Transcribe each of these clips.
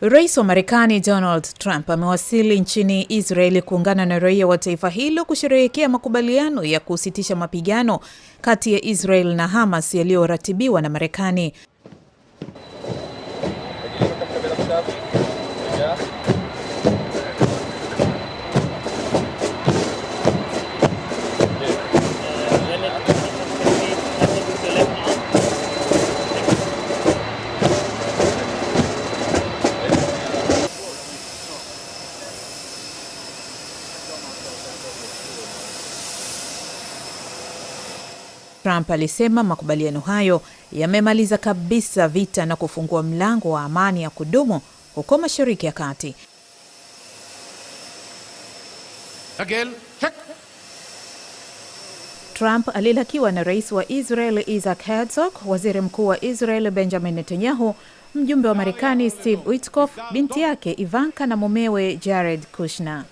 Rais wa Marekani Donald Trump amewasili nchini Israeli kuungana na raia wa taifa hilo kusherehekea makubaliano ya kusitisha mapigano kati ya Israel na Hamas yaliyoratibiwa na Marekani. Trump alisema makubaliano hayo yamemaliza kabisa vita na kufungua mlango wa amani ya kudumu huko Mashariki ya Kati. Again, Trump alilakiwa na rais wa Israel Isaac Herzog, waziri mkuu wa Israel Benjamin Netanyahu, mjumbe wa Marekani Steve Witkoff, binti yake Ivanka na mumewe Jared Kushner.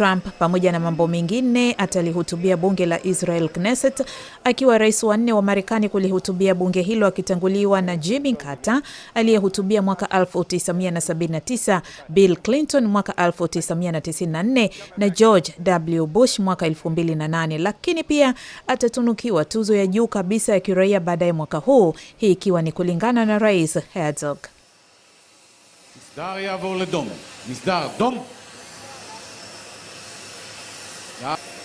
Trump pamoja na mambo mengine atalihutubia bunge la Israel Knesset, akiwa rais wa nne wa Marekani kulihutubia bunge hilo akitanguliwa na Jimmy Carter aliyehutubia mwaka 1979, Bill Clinton mwaka 1994 na George W. Bush mwaka 2008. Lakini pia atatunukiwa tuzo ya juu kabisa ya kiraia baadaye mwaka huu, hii ikiwa ni kulingana na Rais Herzog. Not